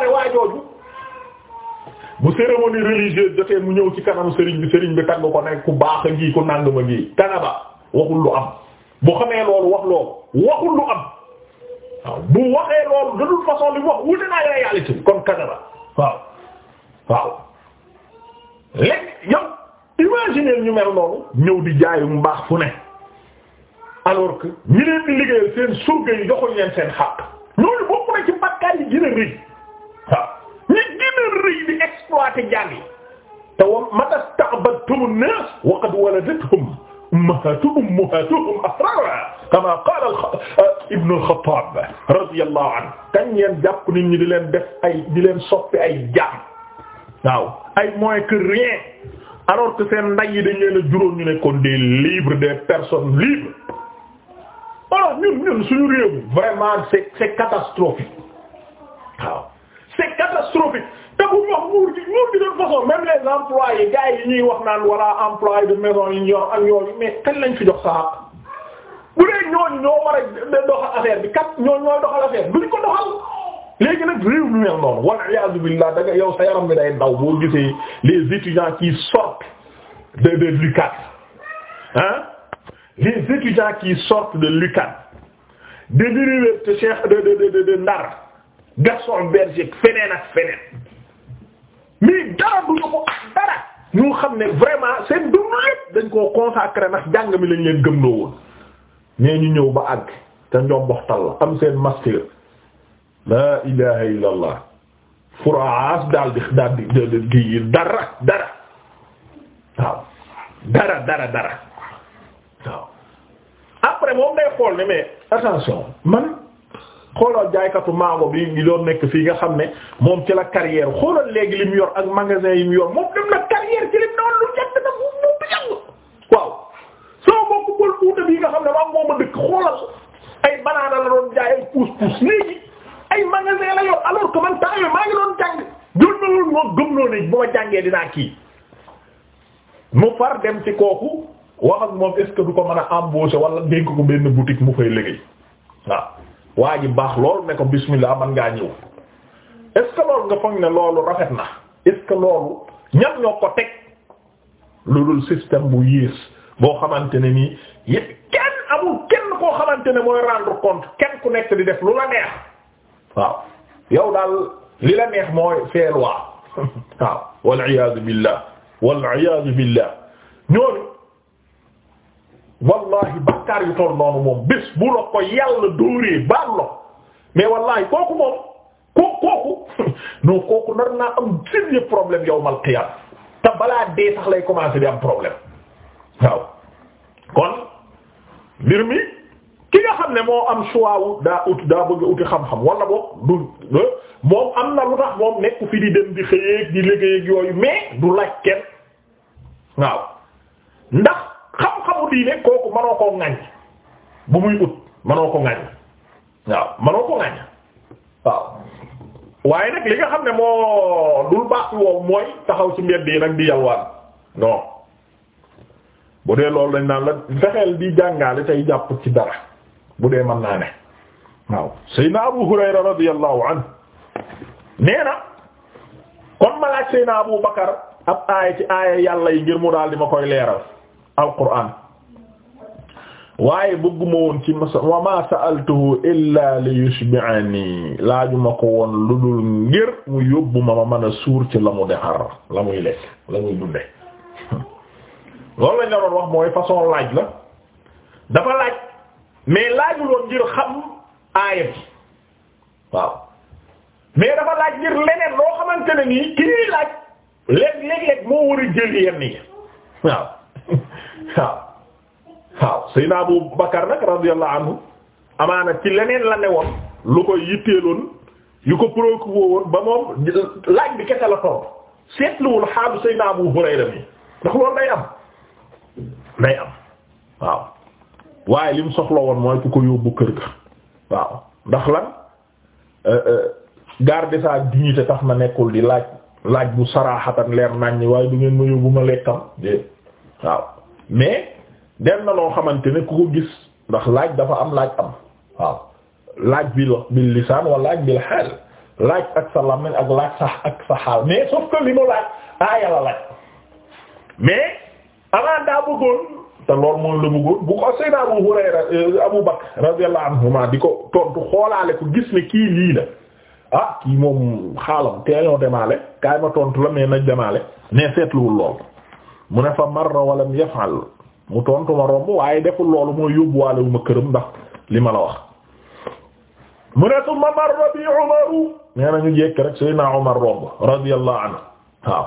pare waajooju bu cérémonie religieuse jotee mu ñëw ci kanam sëriñ bi sëriñ bi tagg ko ne ku baax a ngi ku nàngam a ngi kanaba waxul lu am bu xamee loolu wax loolu waxul lu am bu waxee loolu de façon li mu wax wute naa yore yàlla ci kon kanaba waaw waaw léegi yow imaginer ñu mel noonu ñëw di jaayu mbaax fu ne alors que ñi leen di seen surga yi leen seen xàq loolu bokk na ci bakkaar yi gën a exploité jaam yi te wa mata sta'badtum an-nas wa qad waladathum ummahatuhum ummahatuhum ahrar kama qala euh, ibn al-Khattab radiyallahu anhu kañ ngeen jàpp nit ñi di leen def ay di leen soppi ay jaam waaw ay moins que rien alors que seen nday yi dañ leen a juróon ñu nekkoon des libres des personnes libres alors ñun ñun suñu réew vraiment c'est c'est catastrophique waaw c'est catastrophique bu wax nguur gi nguur gi de façon même les employés gars yi ñuy wax naan wala employé de maison yi ñor ak yooyu mais kañ fi jox sax bu dee ñooñu ñoo war a doxal affaire bi kat ñooñu ñooy doxal affaire duñ ko doxal. léegi nag réew mi a noonu wal iyaazu billah da nga yow sa yaram bi day daw boo gisee les étudiants qui sortent de de l'UCAD les étudiants qui sortent de l'UCAD de l'université Cheikh de de de de Ndar Gaston Berger feneen ak feneen. mii dara du ñu xam ne vraiment seen dund lépp dañ koo consacré ndax jàng mi lañ leen gëm loo woon ñee ñu ñëw ba àgg te njomboxtal la am seen master la ilaha illa furaas daal di dara dara waaw dara dara dara waaw après moom day xool ne mais attention man xoolal jaaykatu mango bi ngi doon nekk fii nga xam ne moom ci la carrière xoolal léegi li mu yor ak magasin yi mu yor moom dem na carrière ci lim na waaw soo bokku bol uute bii nga xam ne maam mooma dëkk xoolal ay banaana la doon jaay puus puus léegi ay magasin la yor alors que man temps yooyu maa ngi doon jàng jol na loolu moo gëm noo bu ma jàngee dinaa kii mu far dem ci kooku wax moom est du ko mën a embaucher wala dénk ko benn boutique mu fay liggéey waa ji baax lool ne ko bismillah man ngaa ñëw est loolu nga foog ne loolu rafet na est ce loolu ñan ñoo ko teg lu dul système bu yées boo xamante ne nii kenn amul kenn koo xamante ne mooy rendre compte kenn ku nekk di def lu la neex waaw yow daal li la neex mooy faire loi waaw wal iyaazu billah wal iyaazu billah ñooñu wallahi bakkaar yu toll noonu moom bés bu la ko yàlla dóoree baal la mais wallahi kooku moom kooku kooku non kooku nar naa am sérieux problème yawmal qiyaam te balaa dee sax lay commencer di am problème waaw kon mbir mi ki nga xam ne moo am choix wu daa ut daa bëgg uti xam-xam wala boog du moom am na lu tax moom nekk fi di dem di xëyeeg di liggéey ak yooyu mais du laaj waaw ndax. xam-xamu diine kooku manoo koo ŋaññ bu muy ut manoo ko ŋaññ waaw manoo ko ŋaññ waaw waaye nag li nga xam ne moo dul baax woow mooy taxaw ci mbedd yi nag di yalwaan non bu dee loolu dañ naan la fexeel di jàngaale tey jàpp ci dara bu dee mën naane ne waaw Abu Hurayra radiyallahu anhu nee na kon ma laaj Abu Bakar ab aaya ci aaya yàlla yi ngir mu daal di ma koy leeral alquran waaye bëgguma woon ci masa wa ma sa'altuhu illa li yushbi'ani laajuma ko woon lu dul ngir mu yóbbu ma ma mën a suur ci la mu defar la muy lekk la muy dunde loolu la doon wax ngir xam aaya waaw mais dafa laaj ngir leneen loo xamante ne nii kii laaj léeg-léeg moo war a jël yenn waaw waaw waaw Seydina Abu Bakar nag radiyallahu anhu amaana ci leneen la ne woon lu koy yitteeloon yu ko préoccupé woon ba moom laaj bi kese la toog seetluwul xaalu Seydina Abu Hurayra mi ndax loolu day am day am waaw waaye li mu soxla woon mooy ku ko yóbbu kër ga waaw ndax lan euh, euh, garder sa dignité tax ma nekkul di laaj laaj bu saraxatan leer nañ waaye du ngeen ma yóbbu ma lekkam de waaw mais dem na loo xamante ne ku ko gis ndax laaj dafa am laaj am waaw laaj bi bil lisaan wala laaj bil xaal laaj ak sa làmmiñ ak laaj sax ak sa xaal mais sauf que li mu laaj aaya la laaj mais avant daa bëggoon te loolu moom la bëggoon bu ko Seydina Abu Hurayra euh, Abu Bakr radiyallahu anhuma di ko tontu xoolaale ko gis ne kii lii la ah kii moom xaalam teeñoo demaale kaay ma tontu la mais nañ demaale ne seetluwul lool mu ne fa marra walam yafal mu tontu ma romb waaye deful loolu mooy yóbbuwaale wu ma këram ndax li ma la wax mu ne summa marra bi umaru nee na ñu jekk rek Seydina Umar romb radiyallahu anhu waaw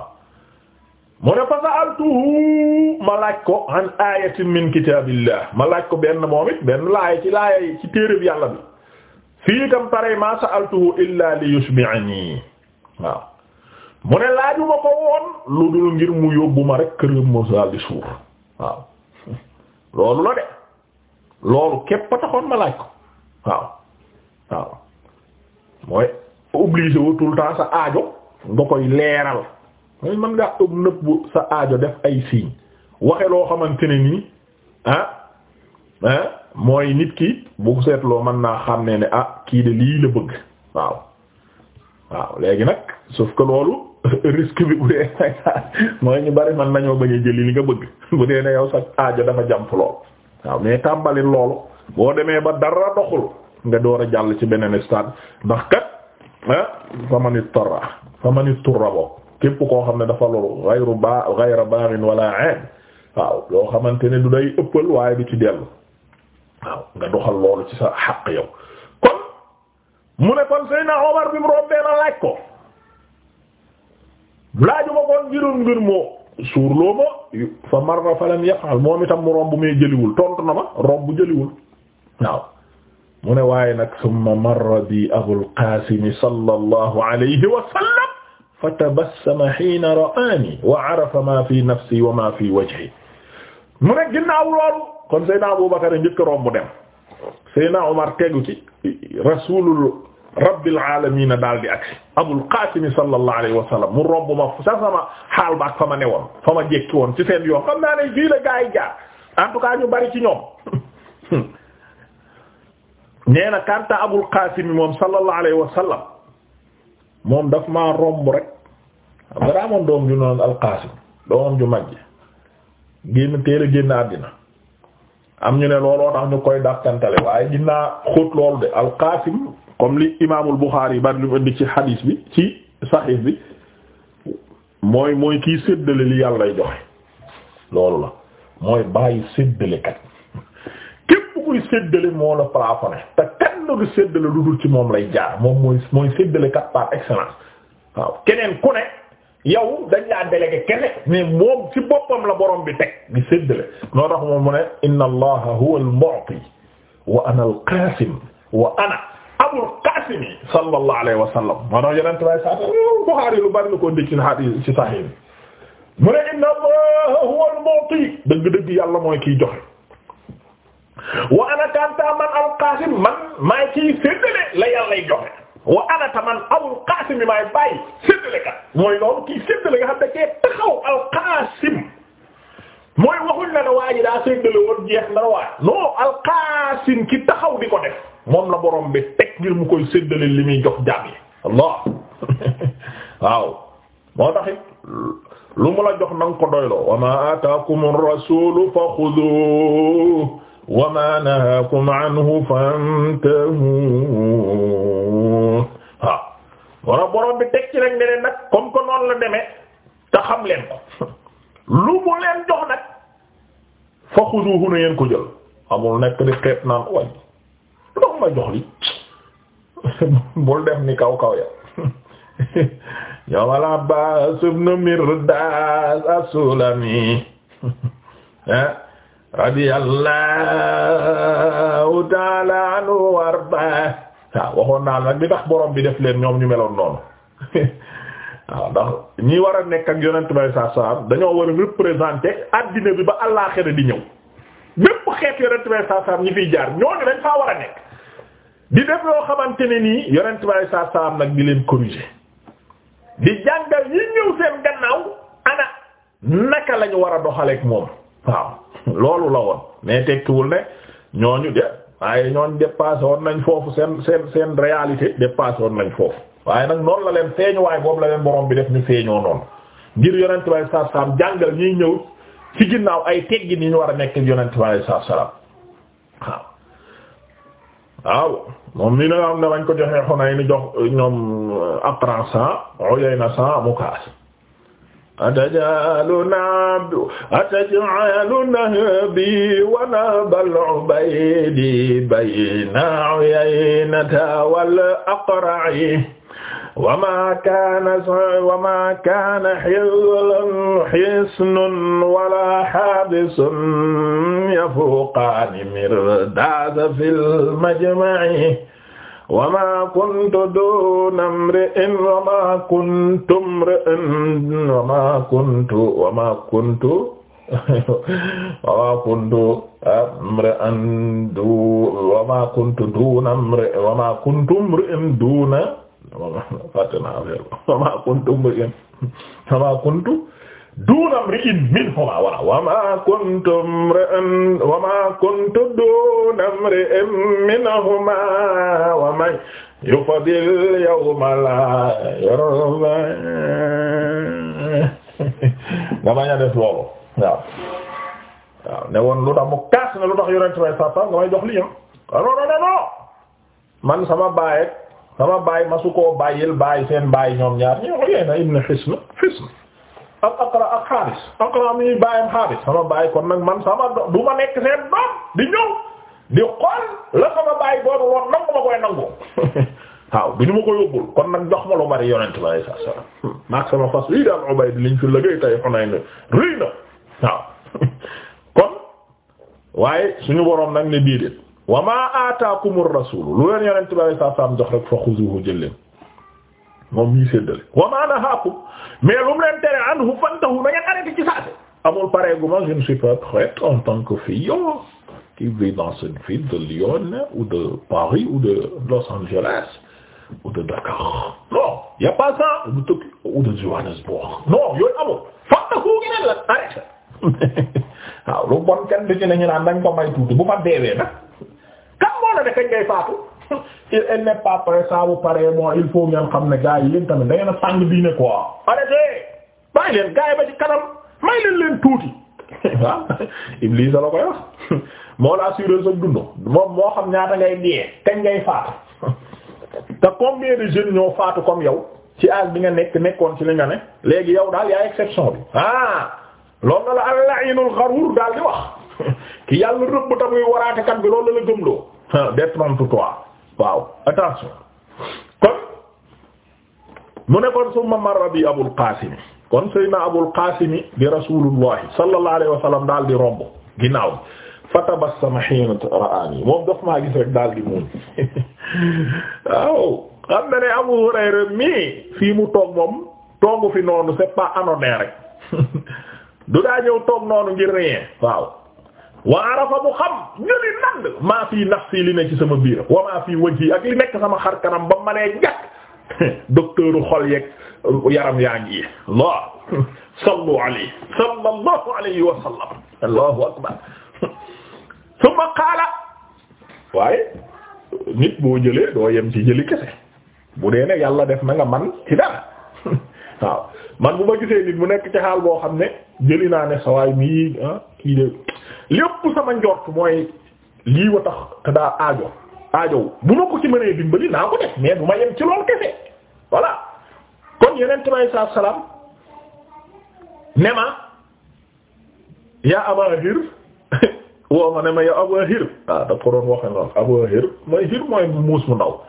mu ne fa sa'altuhu ma laaj ko an ayatin min kitaabillah ma laaj ko benn moom it benn laaya ci laaya ci téereb yàlla bi fii itam pare ma sa'altuhu illa li yushbi'ani waaw mu ne laajuma ko woon lu dul ngir mu yóbbu ma rek këram mu daldi suur waaw loolu la de loolu képp a ma laaj ko waaw waaw mooy obligé wu temps sa aajo nga koy leeral mooy mën ngaa ëpp nëbbu sa aajo def ay signe waxe loo xamante ne nii ah ah mooy nit ki bu seetloo mën naa xam ne ne ah kii de lii la bëgg waaw waaw léegi nag sauf ko loolu. risque bi bu dee mooy ñu bari man nañoo bañ a jëli li nga bëgg bu dee ne yow sax aajo dafa jàmp lool waaw mais tàmbali loolu boo demee ba dara doxul nga door a jàll ci beneen stade ndax kat ah famani torra famani turra boo képp koo xam ne dafa loolu gayru ba gayra baarin wala ain waaw loo xamante ne du day ëppal waaye du ci dellu waaw nga doxal loolu ci sa xaq yow kon mu ne kon Seydina Omar bi mu robbee na laaj ko laaju ma koon ngirum ngir moo suurloo ma fa marra falam yafal moom itam mu romb muy jëliwul tontu na ma romb jëliwul waaw mu ne waaye nag summa marra bi abul qaasimi sallallahu alayhi wa sallam fa tabassama hiina ra'aani wa arafa ma fi nafsi wa ma fi wajhi mu ne ginnaaw loolu kon Seydina Abubakar njëkk romb dem Seydina Umar tegu ci rasulul rabbil aalamiina daal di agsi abul qaasimi sallallahu alayhi wa sallam mu romb ma sa sama xaal ba fa ma ne woon fa ma jekki woon ci seen yoon xam naa ne fii la gaa jaar en ñu bari ci ñoom nee na karta abul qaasimi moom sallallahu alayhi wa sallam moom daf maa romb rek xam nga daa amoon doom ju noonu al qaasim ju mag génn teel génn àddina am ñu ne looloo tax ñu koy dàqantale waaye dinaa xóot loolu de al comme li imaamul Buxaari ba lu indi ci xadiis bi ci saxiix bi mooy mooy kiy séddale li yàlla lay joxe loolu la mooy bàyyi séddalekat képp kuy séddale moo la plafonné te kenn du séddale lu dul ci moom lay jaar moom mooy mooy séddalekat par excellence waaw keneen ku ne yow dañ laa kene moom ci boppam la borom bi teg di séddale noo tax mu ne inna allaha huwa al wa ana al wa ana Abul Qasim sallallahu alayhi wa sallam moo tax yeneen tubaab yi saa te Bukhari lu bari la ko indi ci hadiis ci Sahih mu ne inna Allaha huwal mu'ti dëgg-dëgg yàlla mooy kiy joxe. wa ana kanta man Abul Qasim man maay kiy séddale la yàllay joxe wa ana taman Abul Qasim bi maay bàyyi séddale kat mooy loolu kiy séddale nga xam ne kee taxaw Al Qasim mooy waxuñ la ne waa ji daa séddale woon jeex na waay non Al Qasim ki taxaw di ko def moom la borom bi. teg ngir mu koy séddale li muy jox jaam yi allah waaw moo taxit lu mu la jox nanga ko doyloo ataakum ar-rasulu faxuduhu wa ma nahakum anhu fantahu waaw wala borom bi teg ne leen nag comme que noonu la te xam leen lu mu leen jox nag faxuduhu na ngeen ko jël amul nekk di xeet naan way dox ma jox li bul def ni kaw kaw ya yawmal Abbaas ibn Mirdaas as-Sulami eh? radiyallahu ta'ala anhu warda waaw waxoon naa nag bi tax borom bi def leen ñoom ñu meloon noonu waaw ndax ñi war a nekk ak yonent bi saa dañoo war a représenter addina bi ba àllaaxira di ñëw bépp xeet yonent bi saa ñi fiy jaar ñooñu dañ faa war a nekk. di def loo xamante ne nii yonent bi sallallahu alayhi wasallam nag di leen corriger di jàngal yi ñëw seen gannaaw ana naka lañu war a doxaleek moom waaw loolu la woon mais tekkiwul ne ñooñu de waaye ñooñ dépassé woon nañ foofu seen seen seen réalité dépassé woon nañ foofu waaye nag noonu la leen feeñu waaye boobu la leen borom bi def ñu feeñoo noonu ngir yonent bi sallallahu alayhi wasallam jàngal ñuy ñëw ci ginnaaw ay teggi ni ñu war a nekk yonent bi sallallahu alayhi wasallam waaw waaw moom nii na nga xam ne bañ ko joxee xonay ni jox ñoom euh, apprend cent oyey ah, na cent mu kaas atajalu nabi atajalu nabi wa nabal ubaydi bayna uyaynata wal aqra'i وما كان وما كان حل حصن ولا حابس يفوقان مرداد في المجمع وما كنت دون امرئ وما كنت امرئ وما كنت وما كنت وما كنت امرئا دون وما كنت دون امرئ وما كنت امرئ دون dama fàtte naa affaire ba wama kuntu mri'in wama kuntu duuna mri'in minhuma wala wama kuntu mri'an wama kuntu duuna mri'in minhuma wama yufdil la nga bañ a def loolu waaw ne woon lu tax mu kaas ne lu tax yonent nga may jox li am ah. non non non man sama baay sama baay ma su koo bàyyil baay seen baay ñoom ñaar ñu Uyayna ibn Hisn Hisn ak Aqra ak Haris Aqra mi baayam Haris sama baay kon nag man sama du ma nekk seen doom di ñëw di xool la sama baay doon woon nangu ma koy nangu waaw du ñu ma ko yóbbul kon nag jox ma lu bari yonent bi alayhi salaam hmm, maag sama fas yi daal Ubayd liñ fi liggéey tay xonay na rëy na waaw kon waaye suñu boroom nag ne déedéet wa maa aataakumur rasuulu lu leen yonent bi sallallahu alayhi wasallam jox rek fa xuzuhu jël leen moom ñuy séddale wa maa nahaakum mais lu mu leen tere anhu fantahu na ngeen arrêté ci saase. amul pareegu ma je de Lyon ou de Paris ou de Los Angeles ou de Dakar. non y a pas ça ou Johannesburg. non yooyu amul fantahu ngeen la arrêté waaw kan moo la kañ ngay faatu il n'est pas prêt saa bu paree bon il faut ngeen xam ne gars yi yéen tamit da ngeen a sàng diine quoi. arrêté bàyyi leen gars yi ba ci kanam may leen leen tuuti Iblis la koy wax moo la assuré sa dund moom moo xam ñaata ngay dee kañ ngay faatu te combien de jeunes ñoo faatu comme yow ci âge bi nga nekk nekkoon ci li nga ne léegi yow daal yaa exception bi ah loolu la al-la'inul gharur daal di wax. ki yàlla rëbb ta muy waraate kat bi loolu la gëmloo détrompe-toi waaw attention kon mu ne kon summa marra bi abul qaasimi kon seydna abul qaasimi di rasuulullahi sallallahu alayhi daal di romb ginnaaw fa tabassama ra'aani moom daf maa gis rek daal di muuñ waaw xam na ne Abu Hurayra mii fii mu toog moom toogu fi noonu c'est pas anodin rek du daa ñëw toog noonu ngir rien waaw wa arafa mu xam ñu ni nand maa fii nafsi li ne ci sama biir wa maa fii wajhi ak li nekk sama xar kanam ba ma nee jàkk docteur u xol yeeg euh, yaram yaa ngi Allah sallu alayhi sallallahu alayhi wa sallam allahu akbar summa qaala waaye nit boo jëlee doo yem ci jëli kese bu dee ne yàlla def na nga man ci dara waaw man bu ma gisee nit mu nekk ci xaal boo xam ne jëli naa ne sawaay mii ah kii lépp sama njort mooy lii wa tax te daa aajo aajow bu ma ko ci mënee dimbali naa ko def mais bu ma yem ci loolu kese voilà kon yeneen tibay saa salaam ne ma yaa Abaa Hir woo ma ne ma yaa Abaa Hir ah ko doon waxee noonu Abaa Hir mooy Hir muus mu ndaw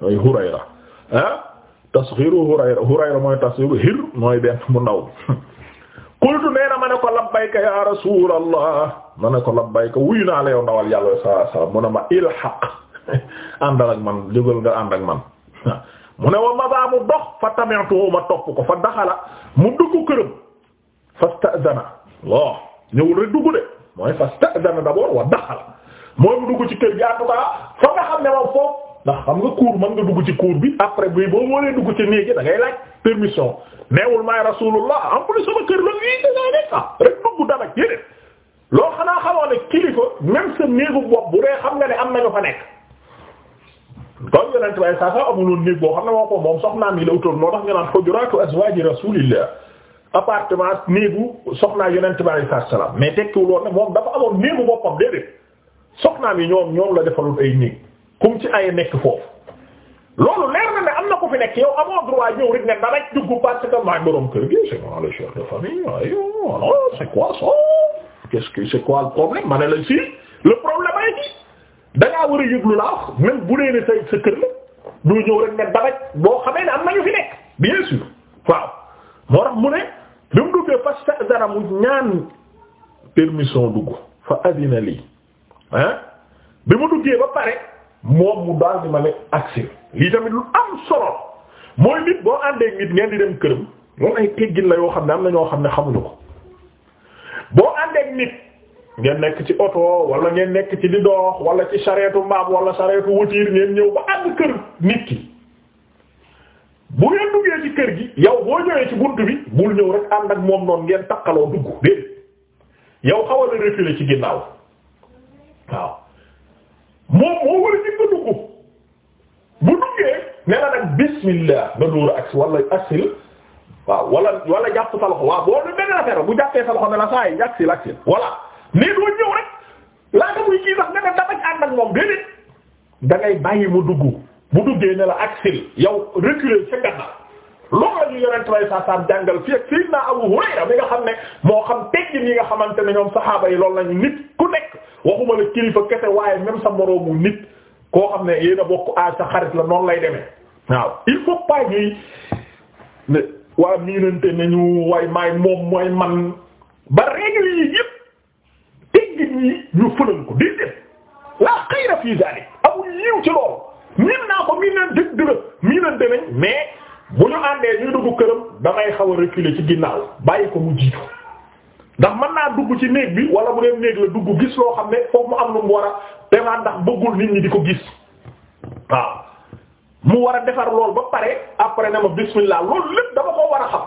mooy Hurayra ah. tasxiru hurayra hurayra mooy tasxiru hir mooy benn mu ndaw qultu nee na ma ne ko labbayka ya rasulallah ma ne ko labbayka wuyu naa la yow ndawal yàlla sallallahu alayhi wasallam mu ne ma ilhaq àndal ak man jógal nga ànd ak man mu ne wa mada mu dox fa tameetu ma topp ko fa daxala mu dugg këram fasta'zana waaw ñëwul rek dugg de mooy fasta'zana d'abord wa daxala mooy mu dugg ci kër gi en tout cas fa xam ne moom foofu ndax xam nga cour mën nga dugg ci cour bi après bi boo moo lee dugg ci néegi da ngay laaj permission neewul maay rasulullah en la lii dasaa nekk ah rek dugg loo xanaa xamoon ne kilifa même sa néegu xam nga ne am nañu fa nekk kon yonent waaye saa saa amuloon néeg boo moo ko moom soxnaam yi la utoon moo tax ñu naan hujuratu azwaaji rasulillah appartement néegu soxnaa yonent bi alayhi mais tekkiwuloon ne moom dafa amoon néegu boppam déedéet yi ñoom ñoom la defalul ay néeg kum ci ay nekk foofu loolu leer na ne am na ko fi nekk yow amoo droit ñëw rek ne da rek dugg maay borom kër gi c'est moi le chef de famille ayo non c'est quoi ça qu'est-ce que c'est quoi le problème ma ne si le problème ay gi dangaa war a yëglu la wax même bu dee ne sa sa kër la doo ñëw rek ne dabaj boo xamee ne am nañu fi nekk bien sûr waaw moo tax mu ne li mu duggee fasta dara mu ñaan permission dugg fa adina lii ah moom mu daal di ma ne agsi lii tamit lu am solo mooy nit boo àndee nit ngeen di dem këram loolu la yoo xam ne am na ñoo xam ne xamuñu ko boo ngeen nekk ci oto wala ngeen nekk ci di dox wala ci sareetu mbaam wala sareetu wutiir ngeen ñëw ba ànd kër nit ki bu ngeen duggee ci kër gi yow boo ñëwee ci bunt bi bul ñëw rek ànd ak moom noonu ngeen takkaloo dugg déedéet yow xawal a ci ginnaaw waaw moom moo war ne la nag bismillah nga dóor ak wala aksil waaw wala wala jàpp sa loxo waaw boo du benn bu jàppee sa loxo la saa yi aksil aksil voilà mais doo ñëw rek laata muy kii sax nga mu dugg bu duggee ne la aksil yow reculer sa gannaaw loolu la ñu yonent bay saa saam jàngal fii ak Sayyidina Abu Hurayra mi nga ne moo xam teggin yi nga xamante ne ñoom saxaaba yi loolu lañu nit ku nekk waxuma la kilifa kese waaye même sa moroomu nit koo xam ne yéen a bokk a sa xarit la noonu lay deme waaw il faut pas ñuy ne waa miinante nañu way maay moom mooy man ba règle yi yëpp teggin ñu fëlal ko déedéet la xayra fii zalik amul yiw ci loolu miin naa ko miinante nañ mais bu ñu àndee ñuy dugg këram damay xaw a reculer ci ginnaaw bàyyi ko mu jiitu ndax mën naa dugg ci néeg bi wala bu dem néeg la dugg gis loo xam ne foofu mu am lu mu war a vraiment ndax bëggul nit ñi di ko gis waaw mu war a defar lool ba pare après na ma bismillah loolu lépp dama ko war a xam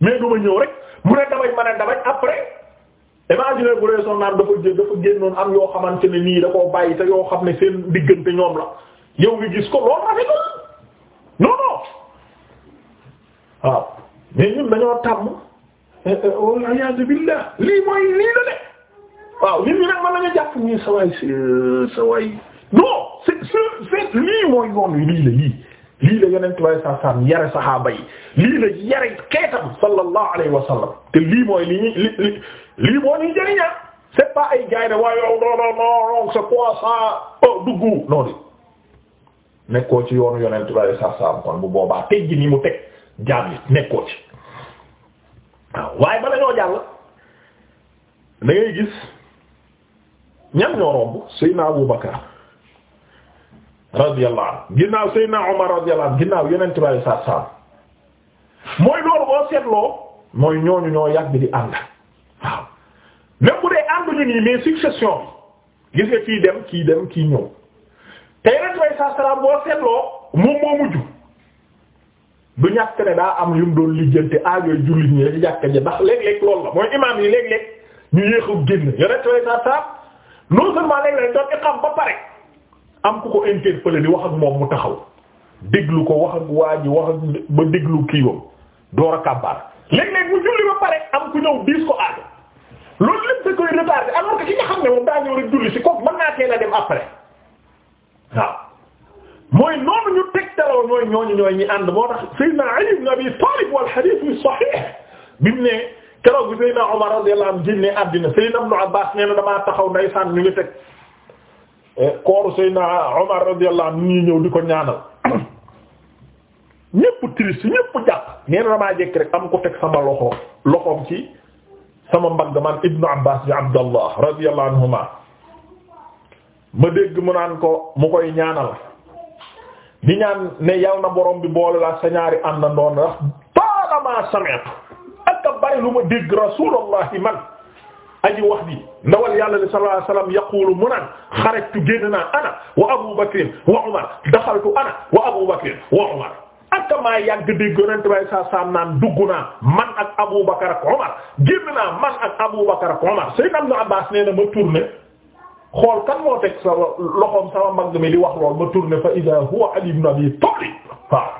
mais du ma ñëw rek mu ne damay mën a damay après imaginer bu dee naan dafa jë dafa génnoon am yoo xamante ne nii da koo bàyyi te yoo xam ne seen diggante ñoom la yow ngi gis ko loolu rafetul non non waaw mais ñun dañoo tàmm eh, eh, wal iyaadu lii mooy lii la de waaw ñun ñu nag mën nañu jàpp nii sa waay non c'est c'est lii mooy yoon lii la lii lii la yonent bi saa yare saxaaba yi lii la yare xeetam sallallahu alayhi wa te lii mooy li ñuy lii moo ñuy jëriña c'est pas ay gars yi ne waaye yow non non oh, ci yoonu yonent bi saa kon bu boobaa tey jii nii mu teg jaam yi nekkoo ci waaw waaye bala ñoo jàll da ngay Abu Bakar radiyallahu anhu ginnaaw Seydina Omar radiyallahu anhu ginnaaw yeneen tubaab yi saa saa mooy loolu boo seetloo mooy ñooñu ñoo yàgg di ànd waaw même bu dee ànduñu nii mais succession gis nga kii dem kii dem kii ñëw te yeneen tubaab yi saa saa boo seetloo moom moo mujj du ñàkk ne daa am yu mu doon lijjante aajo jullit ñi dañuy jàkka ndax léeg-léeg loolu la mooy imaam yi léeg-léeg ñu yéexu génn yeneen tubaab yi saa saa non seulement léeg-léeg doon iqam ba pare. am ku ko interpellé di wax ak moom mu taxaw déglu ko wax ak waa ji wax ak ba déglu kiiwam door a kàbbaar léeg-léeg mu julli ba pare am ku ñëw diis ko aajo loolu lépp da koy retardé alors que ki nga xam ne moom daa ñëw rek julli si kooku mën naa teel a dem après waaw mooy noonu ñu tegtaloo ñooy ñooñu ñooy ñi ànd moo tax Seydina Ali ibn Abi Talib wal hadith bi sahih bi mu ne keroog bi Seydina Omar radiyallahu nee na damaa taxaw ndeysaan ñu ngi teg Eh, kooru Seydina Omar radiyallahu anhu ñuy ñëw di ko ñaanal ñépp triste ñépp jàpp neen damaa jekk rek am ko teg sama loxo loxoom ci sama mbagg ibnu Abbas bi Abdallah radiyallahu anhuma ma dégg mu naan ko mu koy ñaanal di ñaan ne yal na borom bi boole la sa ñaari àndandoon ndax taalamaa sami'tu ak bari lu ma dégg Rasulullah man aji wax bi ndawal yàlla li sallallahu alayhi wasallam yaqulu mu naan xarajtu génn naa ana wa Abu Bakr wa Umar daxaltu ana wa Abu Bakr wa Umar ak maa yàgg dégg yonent bay saa saam naan dugg naa man ak Abu Bakr ak Umar génn naa man ak Abu Bakr ak Umar Sayyid Ibn Abbas nee na ma tourné xool kan moo teg sama loxoom sama mag mi li wax lool ma tourné fa idha huwa Ali ibn Abi Talib waaw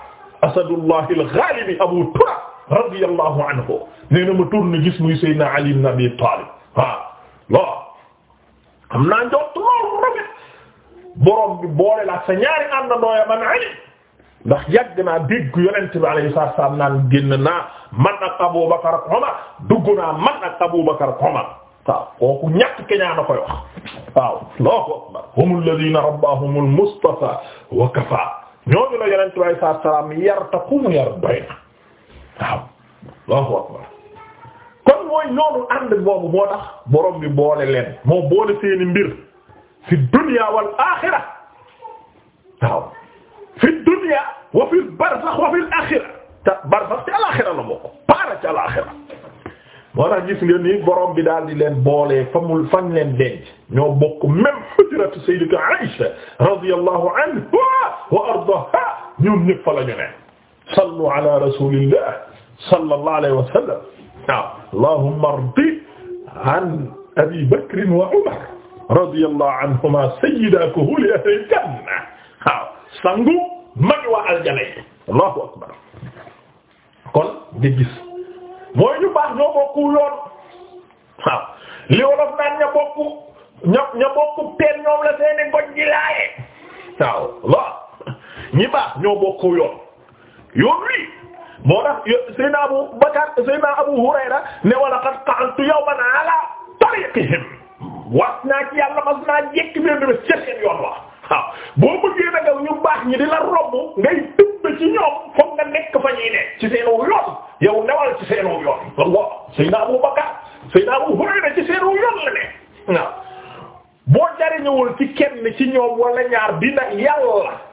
asadullahi al-ghalib Abu Turab radiyallahu anhu nee na ma tourné gis muy Sayyidina Ali ibn Abi Talib waaw lool am naa njort loolu rafet borom bi boole la sa ñaari àndandoo ya man Ali ndax yàgg naa dégg yonent bi alayhi salaam naan génn naa man ak Abu Bakar ak Umar dugg naa man ak Abu Bakar ak Umar waaw kooku ñàkk keñaa na koy wax waaw Allahu akbar humul ladina rabbahumul Mustafa wa kafa ñooñu la yonent bi alayhi salaam yar taqumu yar doy na waaw Allahu akbar kon mooy ñoonu ànd boobu moo tax borom bi boole leen moo boole seeni mbir fi dunya wal axira waaw fi dunya wa fi barzax wa fi axira te barzax ci alaxira la bokk paara ci alaxira moo tax gis ngeen ni borom bi daal di leen boolee fa mu fañ leen denc ñoo bokk même hujratu sayyidati Aïsha radiyallahu anha wa ardaha ñoom ñëpp fa la ñu ne sallu ala rasulillah sallallahu alayhi wa sallam waaw allahumma ardi abi bakr wa umar radiyallahu anhuma sayyida kuhuli ahli janna waaw sangu mag waa aljana yi allahu akbar kon nga gis mooy ñu baax ñoo bokku yoon li wolof naan ña bokku ña ña bokku teen la seeni goj ji laaye waaw waaw baax ñoo bokku yoon moo tax Seydina Abu Bakar Seydina Abu Hurayra ne wala qad qa'adtu yawman ala tariqihim wax naa ci yàlla mas naa jekk benn bés ca seen yoon wax waaw boo bëggee nag ñu baax ñi di la romb ngay tëbb ci ñoom foog nga nekk fa ñuy ne ci seen yoon yow newal ci seen yoon waaw Seydina Abu Bakar na Abu Hurayra ci seen yoon la ne waaw boo jariñëwul ci kenn ci ñoom wala ñaar dina yàlla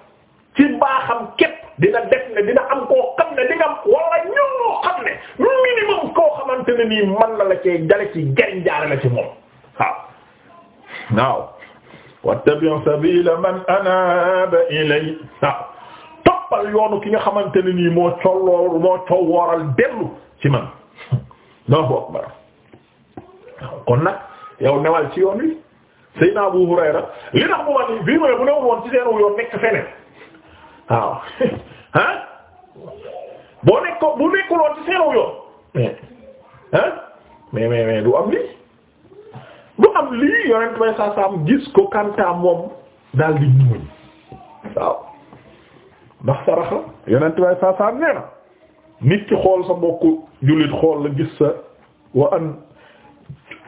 nii man la la cee jale ci gariñ jaare la ci moom waaw waaw wattabi sabila man anaba ilay toppal yoonu ki nga xamante ne nii moo colloor moo cow wooral dellu ci man Allahu akbar kon nag yow newal ci yoon wi Seydina Abu Hurayra li tax mu wax nii bu newul woon ci seen yoon nekk feneen waaw ah boo bu nekkul woon ci seen yoon eh. ah mais am lii du am lii yonent may saa gis ko kantaa moom daal di muuñ waaw sarax la yonent may saa saam xool sa mbokku jullit xool la gis sa wa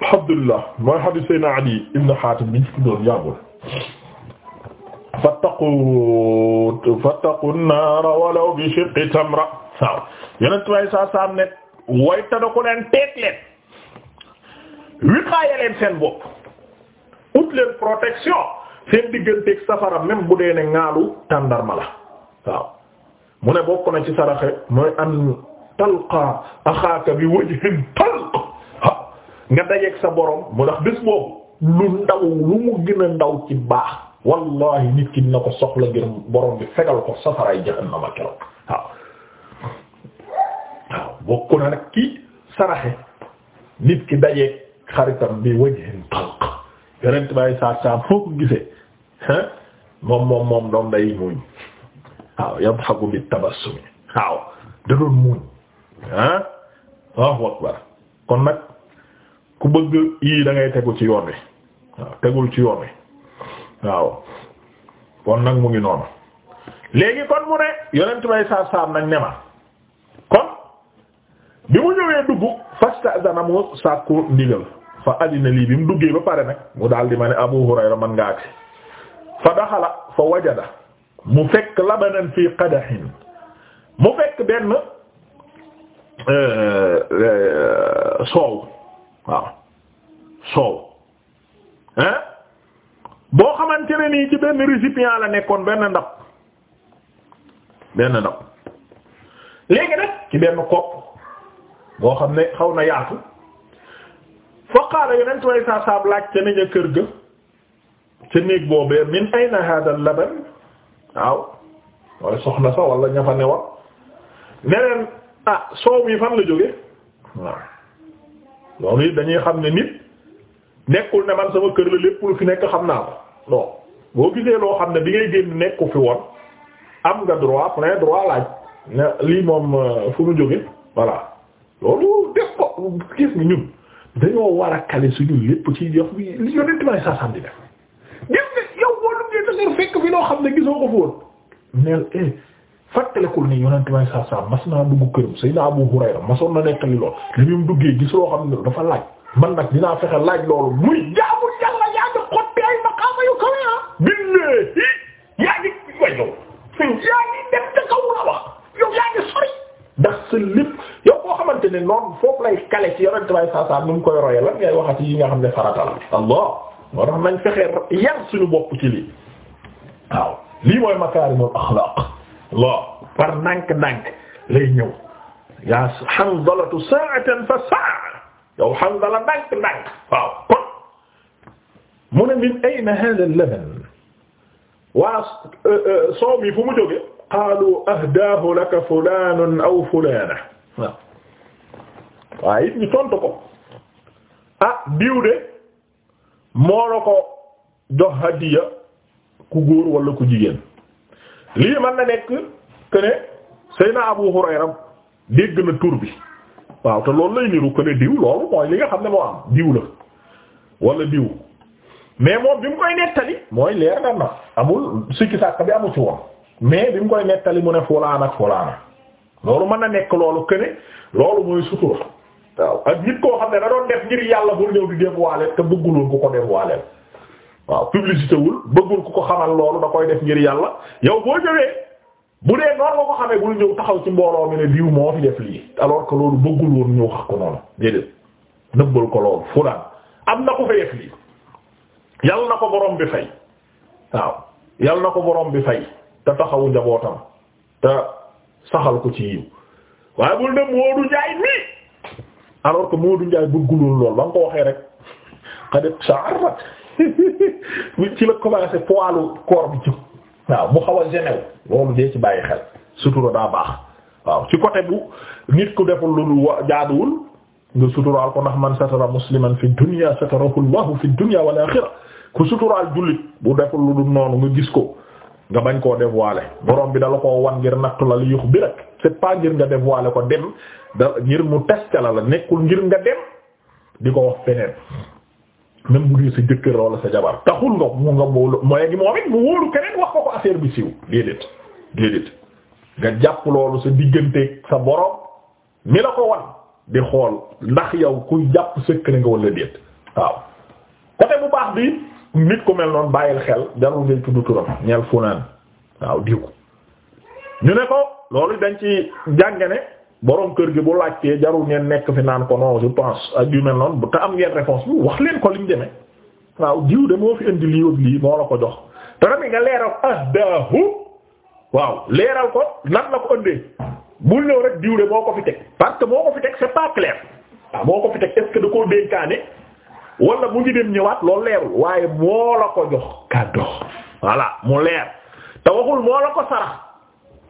alhamdulillah mooy hadith sayna ibn Hatim bi ñu fi doon yàggul fattaqu fattaqu an bi shiqqi tamra waaw yonent may saa saam woy ta da ko leen teet leen wiqaaya leen seen bopp ut leen protection seen digganteeg safara même bu dee ne ŋaalu tàndarma la waaw mu ne bokk na ci saraxe mooy an talqa axaaka bi wajhin talq waaw nga dajeeg sa borom mu ndax bés boobu lu ndaw lu mu gën a ndaw ci baax wallahi nit ki na ko soxla ngir borom bi fegal ko safaray jahannama keroog bokk na nag ki saraxe nit ki dajeeg xaritam bi wajhin talq yonent bay saat saam foo gisee ah moom moom moom doom day muuñ waaw yadhaku bi tabassumi waaw da doon muuñ ah Allahu akbar kon nag ku bëgg yii da ngay tegu ci yoon wi waaw tegul ci yoon waaw kon nag mu ngi noonu léegi kon mu ne yonent bay saat saam nag ne ma bi mu ñëwee dugg fasta'zana mu sàkku ndigal fa adina lii bi mu duggee ba pare nag mu daal di ma ne Abu Hurayra man ngaa agsi fa daxala fa wajada mu fekk labanan fii qadahin mu fekk benn euh, euh, soow soow hein boo xamante ne nii ci benn récipient la nekkoon benn ndab benn ndab léegi nag ci benn kopp boo xam ne xaw na yaatu fa qaala yonent way saa saab laaj ca nañ a kër ga ca néeg boobee min na hada laban waaw soxna sa walla ña fa ne wa ne leen ah soow mi fan la jóge waaw loolu dañuy xam ne nit nekkul ne man sama kër la lépp fi nekk xam naa ko boo gisee loo xam ne bi ngay génn nekku fi woon am nga droit plein droit laaj ne lii moom euh, fu mu jóge voilà loolu def ko gis nga ñun dañoo war a kale suñu lépp ci jox may sasam di def gis loo xam ne gisoo eh, ni yonent may sasam mas naa dugg këram Seydina Abu Hurayra masoon na nekkali lool li mu duggee gis loo xam ne dafa laaj man nag dinaa fexe laaj loolu muy jaamu Yàlla noonu foofu lay kale ci yonent bay saasaam nu mu koy roye lan ngay waxati yi nga xam ne farata la allah moo tax nañ yar suñu bopp ci lii waaw lii mooy makaarimul axlaaq la par ndànk-ndànk lay ñëw yaa Hanzalatu sa'atan fa sa'a yow Hanzala ndànk-ndànk waaw kon mu ne min ayna haadha al-laban waa euh, euh, soow mi fu mu jóge qaalu ahdaahu laka fulaanun aw fulaana waaye it ñu tontu ko ah diw de moo la ko jox hadiya ku góor walla ku jigéen lii mën na nekk que ne Seyna Abu Hurayra dégg na tur bi waaw te loolu lay niru que ne diw loolu mooy li nga xam ne moo am diw la wala diw mais moom bi mu koy nettali mooy leer na na amul sikki sàkk bi amu ci woon mais bi mu koy nettali mu ne fulaan ak fulaan loolu mën na nekk loolu que ne loolu mooy sutura. waaw ak nit koo xam ne da doon def ngir yàlla bul ñëw di dévoiler te bëggulul ku ko dévoiler waaw publicité wul bëggul ku ko xamal loolu da koy def ngir yàlla yow boo ñëwee bu dee noonu nga ko xamee bul ñëw taxaw ci mbooloo mi ne diw moo fi def lii alors que loolu bëggul woon ñëw wax ko noonu déedéet nëbbal ko loolu fu am na ko fa def yàlla na ko borom bi fay waaw yàlla na ko borom bi fay te taxawu njabootam te saxal ko ci yiw waaye alors que Modou Ndiaye bëgguloon lool ba nga ko waxee rek xadit saarrak ci la commencé poilu corps bi ci waaw mu xaw a genew loolu dee ci bàyyi xel sutura daa baax waaw ci côté bu nit ku deful lu jaaduwul nga suturaal ko ndax man satara musliman fi dunya satarahu llahu fi dunya wal axira ku suturaal jullit bu deful lu dul noonu nga gis ko nga bañ koo dévoiler borom bi dala koo wan ngir nattu la li yux bi rek c'est pas ngir nga dévoiler ko dem da ngir mu testala la nekkul ngir nga dem di ko wax feneen même bu dee jëkkër la sa jabar taxul nga mu nga mboolu mooy gi moom it mu wóolu keneen wax ko ko affaire bi siiw déedéet déedéet nga jàpp loolu sa digganteeg sa borom mi la ko wan di xool ndax yow kuy jàpp secret nga wala déet waaw côté bu baax bi nit ku mel noonu bàyyil xel jarul ngay tudd ñeel fu naan waaw diw ñu ne ko loolu dañ ci jànge ne borom kër gi bu laajtee jarul ngeen nekk fi naan ko non je pense ak yu mel noonu te am ngeen réponse bi wax leen ko li mu demee waaw jiw de moo fi indi lii ak lii moo la ko jox nga leeral waaw leeral ko nan la ñëw rek diw de moo ko fi parce que moo ko fi teg c'est pas clair moo ko fi teg est da koo dénkaane wala mu ngi dem ñëwaat loolu leerul waaye moo la ko jox kàddo voilà mu leer te waxul moo la ko sarax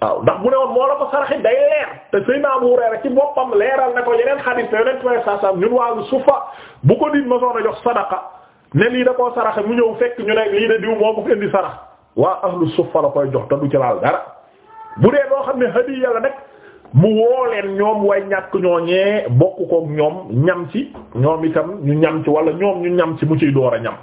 waaw ndax bu ne woon moo la ko saraxi day leer te Seydina Abu Hurayra ci boppam leeral na ko yeneen xadiis te yeneen twa sa sam ñun waalu sufa bu ko nit mosoon a jox sadaqa ne lii da koo sarax mu ñëw fekk ñu ne lii de diw moo ko fi indi sarax waa ahlu sufa la koy jox te du ci laal dara bu dee loo xam ne hadiya yàlla nag mu woo leen ñoom way ñàkk ñooñee bokk kook ñoom ñam ci ñoom itam ñu ñam ci wala ñoom ñu ñam ci mu ciy door a ñam